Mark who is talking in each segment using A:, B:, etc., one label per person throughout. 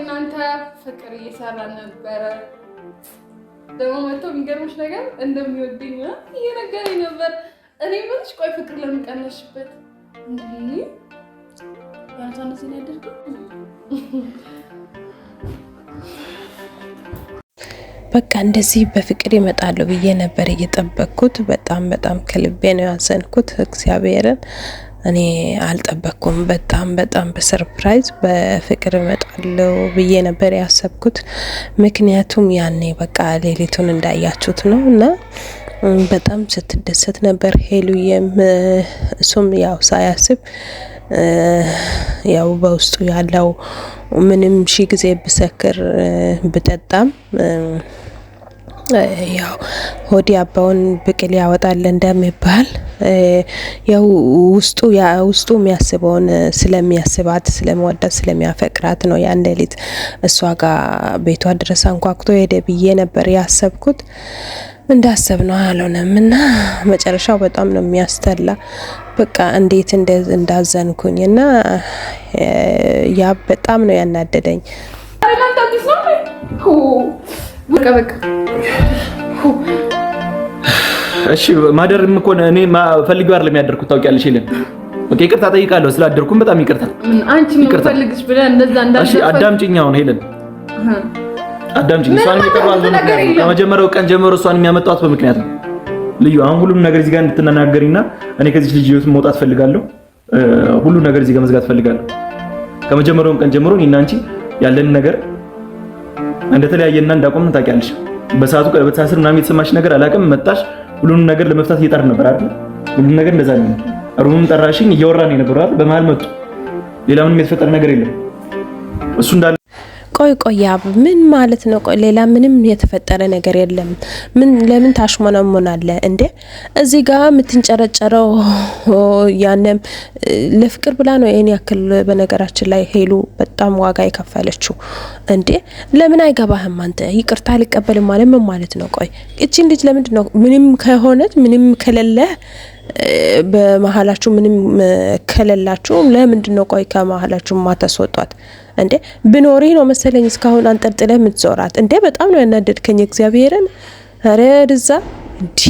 A: እናንተ ፍቅር እየሰራ ነበረ። ደግሞ መጥቶ የሚገርምሽ ነገር እንደሚወደኝ እየነገረኝ ነበር። እኔ ምንሽ ቆይ ፍቅር ለምን ቀነሽበት?
B: በቃ እንደዚህ በፍቅር ይመጣለሁ ብዬ ነበር እየጠበቅኩት። በጣም በጣም ከልቤ ነው ያዘንኩት እግዚአብሔርን እኔ አልጠበቅኩም። በጣም በጣም በሰርፕራይዝ በፍቅር እመጣለሁ ብዬ ነበር ያሰብኩት። ምክንያቱም ያኔ በቃ ሌሊቱን እንዳያችሁት ነው እና በጣም ስትደሰት ነበር ሄሉዬም፣ እሱም ያው ሳያስብ ያው በውስጡ ያለው ምንም ሺ ጊዜ ብሰክር ብጠጣም ያው ሆዲ አባውን ብቅል ያወጣል እንደሚባል ያው ውስጡ ውስጡ የሚያስበውን ስለሚያስባት ስለሚወዳት ስለሚያፈቅራት ነው። ያን ሌሊት እሷ ጋር ቤቷ ድረስ አንኳኩቶ ሄደ ብዬ ነበር ያሰብኩት። እንዳሰብ ነው አልሆነም፣ እና መጨረሻው በጣም ነው የሚያስጠላ። በቃ እንዴት እንዳዘንኩኝ እና ያ በጣም ነው ያናደደኝ።
A: በቃ በቃ
C: እሺ ማደርም እኮ እኔ ፈልጌው አይደለም ያደርኩት ታውቂያለሽ። ይለን ኦኬ፣ ይቅርታ ጠይቃለሁ ስላደርኩም፣ በጣም ይቅርታ።
A: አንቺ ምን ፈልግሽ ብለህ እንደዛ
C: እንዳልሽ። እሺ አዳምጪኝ፣ አሁን ሄለን አዳምጪኝ። እሷን ከመጀመሪያው ቀን ጀምሮ እሷን የሚያመጣው በምክንያት ነው ልዩ። አሁን ሁሉም ነገር እዚህ ጋር እንድትናገሪና እኔ ከዚህ ልጅ ህይወት መውጣት ፈልጋለሁ። ሁሉም ነገር እዚህ ጋር መዝጋት ፈልጋለሁ። ከመጀመሪያው ቀን ጀምሮ እኔና አንቺ ያለን ነገር እንደተለያየና እንዳቆምን ታውቂያለሽ። በሰዓቱ ቀለበት ሳስር ምናምን የተሰማሽ ነገር አላውቅም መጣሽ ሁሉንም ነገር ለመፍታት እየጣር ነበር አይደል? ሁሉንም ነገር እንደዛ ነው። ሩምም ጠራሽኝ እያወራን የነበረው አይደል? በመሀል መጡ። ሌላ ምንም የተፈጠረ ነገር የለም እሱ እንዳለ
B: ቆይ ቆይ አብ ምን ማለት ነው? ቆይ ሌላ ምንም የተፈጠረ ነገር የለም። ምን ለምን አለ እንዴ? እዚህ ጋር የምትንጨረጨረው ያንም ለፍቅር ብላ ነው ይሄን ያክል። በነገራችን ላይ ሄሉ በጣም ዋጋ የከፈለችው እንዴ። ለምን አይገባህም አንተ? ይቅርታ አልቀበልም ማለት ምን ማለት ነው? ቆይ እቺን ልጅ ለምንድን ነው ምንም ከሆነት ምንም ከሌለ በመሀላችሁ ምንም ከለላችሁ ለምንድን ነው ቆይ ከመሀላችሁ ማታስወጧት እንዴ? ብኖሪ ነው መሰለኝ እስካሁን አንጠልጥለ የምትዞራት እንዴ? በጣም ነው ያናደድከኝ። እግዚአብሔርን ረድዛ እንዴ!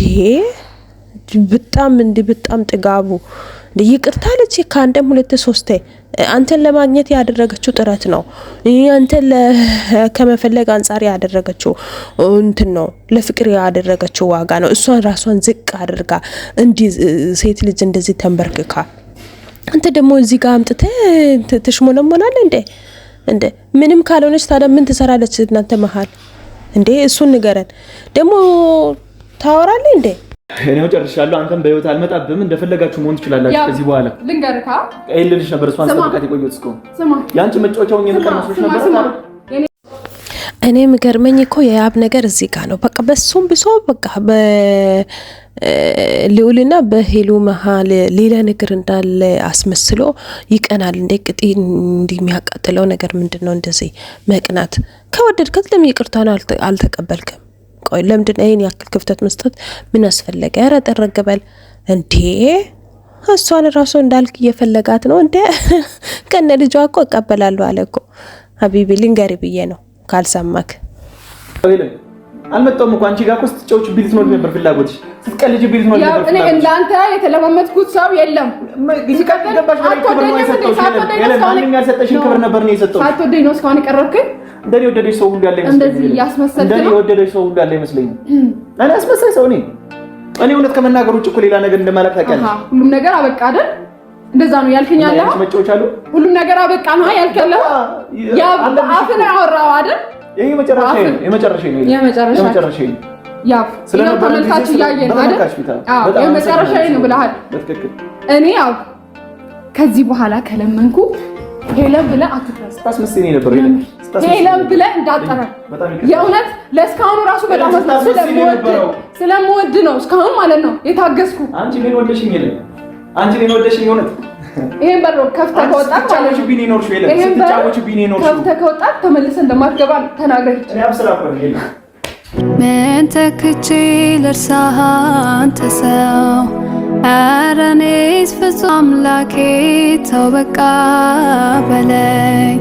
B: በጣም እንዲህ በጣም ጥጋቡ ይቅርታ አለች። ከአንድም ሁለት ሶስቴ አንተን ለማግኘት ያደረገችው ጥረት ነው። አንተን ከመፈለግ አንጻር ያደረገችው እንትን ነው፣ ለፍቅር ያደረገችው ዋጋ ነው። እሷን ራሷን ዝቅ አድርጋ እንዲህ ሴት ልጅ እንደዚህ ተንበርክካ አንተ ደግሞ እዚህ ጋር አምጥተ ትሽሞነሞናል እንዴ? እንደ ምንም ካልሆነች ታዲያ ምን ትሰራለች እናንተ መሀል እንዴ? እሱን ንገረን ደግሞ ታወራለ እንዴ?
C: እኔው ጨርሻለሁ። አንተም በህይወት አልመጣብህም። እንደፈለጋችሁ መሆን ትችላላችሁ። ከዚህ በኋላ ልንገርካ ልልሽ ነበር እሷን ሰብካት የቆየሁት እስከ የአንቺ መጫወቻውን የምቀርመስሎች ነበር።
B: እኔ የሚገርመኝ እኮ የያብ ነገር እዚህ ጋር ነው። በቃ በሱም ብሶ በቃ ልዑልና በሄሉ መሀል ሌላ ነገር እንዳለ አስመስሎ ይቀናል። እንደ ቅጤ እንዲሚያቃጥለው ነገር ምንድን ነው እንደዚህ መቅናት? ከወደድከት ለምን ይቅርታን አልተቀበልክም? ቆይ ለምንድን ይሄን ይህን ያክል ክፍተት መስጠት ምን አስፈለገ? ኧረ ጠረግ በል እንዴ! እሷን ራሱ እንዳልክ እየፈለጋት ነው እንዴ? ከነ ልጇ እኮ እቀበላለሁ አለ እኮ ሀቢቢ፣ ልንገሪ ብዬ ነው ካልሰማክ
C: አልመጣሁም እኮ አንቺ ጋር እኮ ስትጫወችብኝ ልትኖር ነበር ፍላጎትሽ፣ ስትቀልጂብኝ ልትኖር ነበር። ያው እኔ
A: እንዳንተ የተለማመጥኩት ሰው የለም።
C: ማንም ያልሰጠሽኝ ክብር ነበር ነው የሰጠሁት።
A: ሳትወደኝ ነው እስካሁን የቀረብክኝ።
C: እንደኔ የወደደሽ ሰው ሁሉ ያለ እንደዚህ አይመስለኝም። እኔ አስመሳይ ሰው ነኝ። እኔ እውነት ከመናገር ውጭ እኮ ሌላ ነገር እንደማላውቅ ታውቂያለሽ።
A: ሁሉም ነገር አበቃ አይደል? እንደዛ ነው ያልከኝ። አለ ሁሉም ነገር አበቃ ነው ያልከኝ። አፍን አወራው አይደል?
C: ይሄ የመጨረሻ ነው። የመጨረሻ ነው። የመጨረሻ ነው።
A: ያው አይደል? አዎ የመጨረሻ ነው ብለሃል። እኔ ያው ከዚህ በኋላ ከለመንኩ ሄለን እንዳጠረ የእውነት ለእስካሁኑ ራሱ በጣም ስለምወድ ነው እስካሁን ማለት ነው የታገስኩ
C: አንቺ ወደሽኝ አንቺ ወደሽኝ የእውነት
A: ይሄን በር ከፍተህ ከወጣህ ከፍተህ ከወጣህ ተመልሰህ እንደማትገባ
C: ተናግረህ
D: ምን ተክቼ ልርሳህ አንተ ሰው ኧረ እኔስ ፍጹም አምላኬ ተው በቃ በለኝ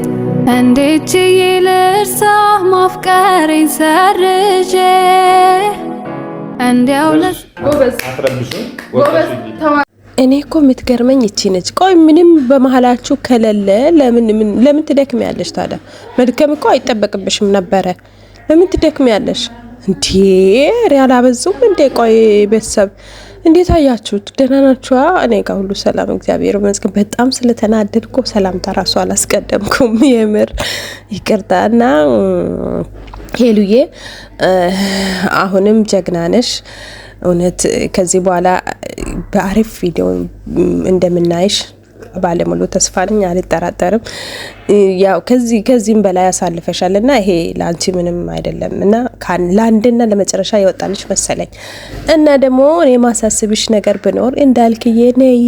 D: እንዴት ችዬ ልርሳህ ማፍቀሬን ሰርዤ እንዲያው
B: እኔ እኮ የምትገርመኝ እቺ ነች። ቆይ ምንም በመሀላችሁ ከሌለ ለምን ለምን ትደክም ያለሽ ታዲያ? መድከም እኮ አይጠበቅብሽም ነበረ። ለምን ትደክም ያለሽ እንዴ? ያላበዙም እንዴ? ቆይ ቤተሰብ እንዴት አያችሁት? ደህና ናችኋ? እኔ ጋር ሁሉ ሰላም እግዚአብሔር ይመስገን። በጣም ስለተናደድኩ ሰላምታ ራሱ አላስቀደምኩም። የምር ይቅርታ እና ሄሉዬ አሁንም ጀግና ነሽ እውነት ከዚህ በኋላ በአሪፍ ቪዲዮ እንደምናይሽ ባለሙሉ ተስፋ ነኝ፣ አልጠራጠርም። ያው ከዚህ ከዚህም በላይ ያሳልፈሻል እና ይሄ ለአንቺ ምንም አይደለም እና ለአንድና ለመጨረሻ የወጣልሽ መሰለኝ። እና ደግሞ እኔ ማሳስብሽ ነገር ብኖር እንዳልክዬ ነይ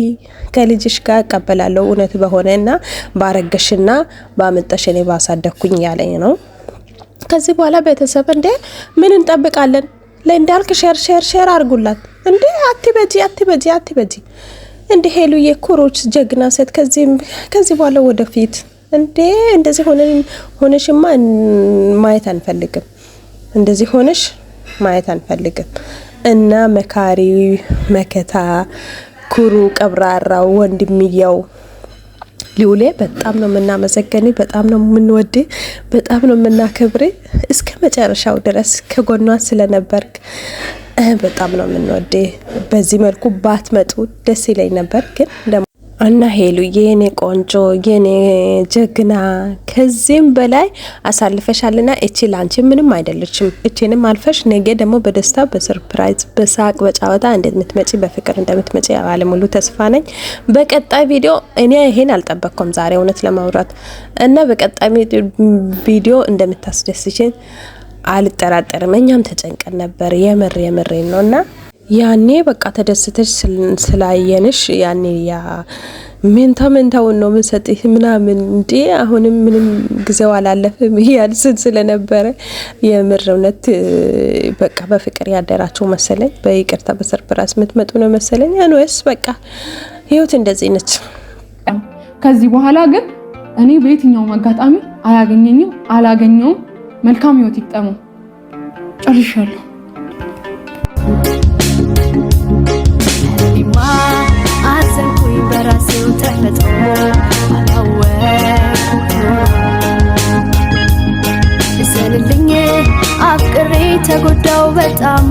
B: ከልጅሽ ጋር እቀበላለሁ እውነት በሆነ እና ባረገሽና ባመጠሽ እኔ ባሳደግኩኝ ያለኝ ነው። ከዚህ በኋላ ቤተሰብ እንዴ ምን እንጠብቃለን? ለእንዳልክ ሼር ሼር ሼር አድርጉላት። እንዴ አትበጂ አትበጂ አትበጂ። እንደ ሄሉ ኩሮች ጀግና ሴት ከዚህ በኋላ ወደፊት እንዴ እንደዚህ ሆነሽማ ማየት አንፈልግም። እንደዚህ ሆነሽ ማየት አንፈልግም። እና መካሪ መከታ ኩሩ ቀብራራው ወንድምየው ልዑሌ በጣም ነው የምናመሰገን፣ በጣም ነው የምንወድ፣ በጣም ነው የምናከብር። እስከ መጨረሻው ድረስ ከጎኗ ስለነበርክ በጣም ነው የምንወድ። በዚህ መልኩ ባትመጡ ደስ ይለኝ ነበር ግን እና ሄሉ የኔ ቆንጆ የኔ ጀግና ከዚህም በላይ አሳልፈሻልና እቺ ላንቺ ምንም አይደለችም። እቺንም አልፈሽ ነገ ደግሞ በደስታ በሰርፕራይዝ በሳቅ በጫወታ እንደምትመጪ በፍቅር እንደምትመጪ ባለሙሉ ተስፋ ነኝ። በቀጣይ ቪዲዮ እኔ ይሄን አልጠበቅኩም ዛሬ እውነት ለማውራት እና በቀጣይ ቪዲዮ እንደምታስደስችን አልጠራጠርም። እኛም ተጨንቀን ነበር የምር የምሬ ነውና ያኔ በቃ ተደስተሽ ስላየንሽ ያኔ ያ ምንታ ምንታውን ነው ምን ሰጥህ ምናምን እንዲ አሁንም ምንም ጊዜው አላለፈም እያል ስል ስለነበረ የምር እውነት በቃ በፍቅር ያደራቸው መሰለኝ። በይቅርታ በሰርፕራይዝ የምትመጡ ነው መሰለኝ። አንወስ በቃ ህይወት እንደዚህ ነች።
A: ከዚህ በኋላ ግን እኔ በየትኛውም አጋጣሚ አያገኘኝም፣ አላገኘውም። መልካም ህይወት ይግጠመው። ጨርሻለሁ። በራሴው ተፈጥሮ አላወኩም እዘንልኝ አፍቅሬ ተጎዳው በጣም